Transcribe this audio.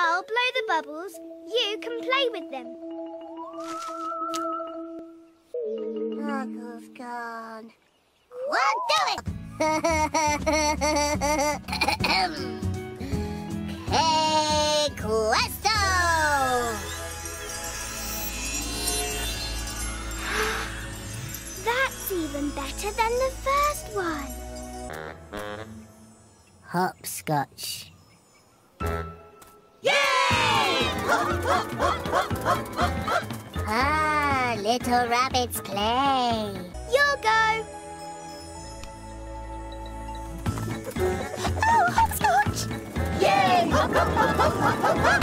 I'll blow the bubbles. You can play with them. Uncle's gone. We'll do it! hey, Questo! That's even better than the first one. Hopscotch. little rabbits play. Your go. Oh, hopscotch! Yay! Hop, hop, hop,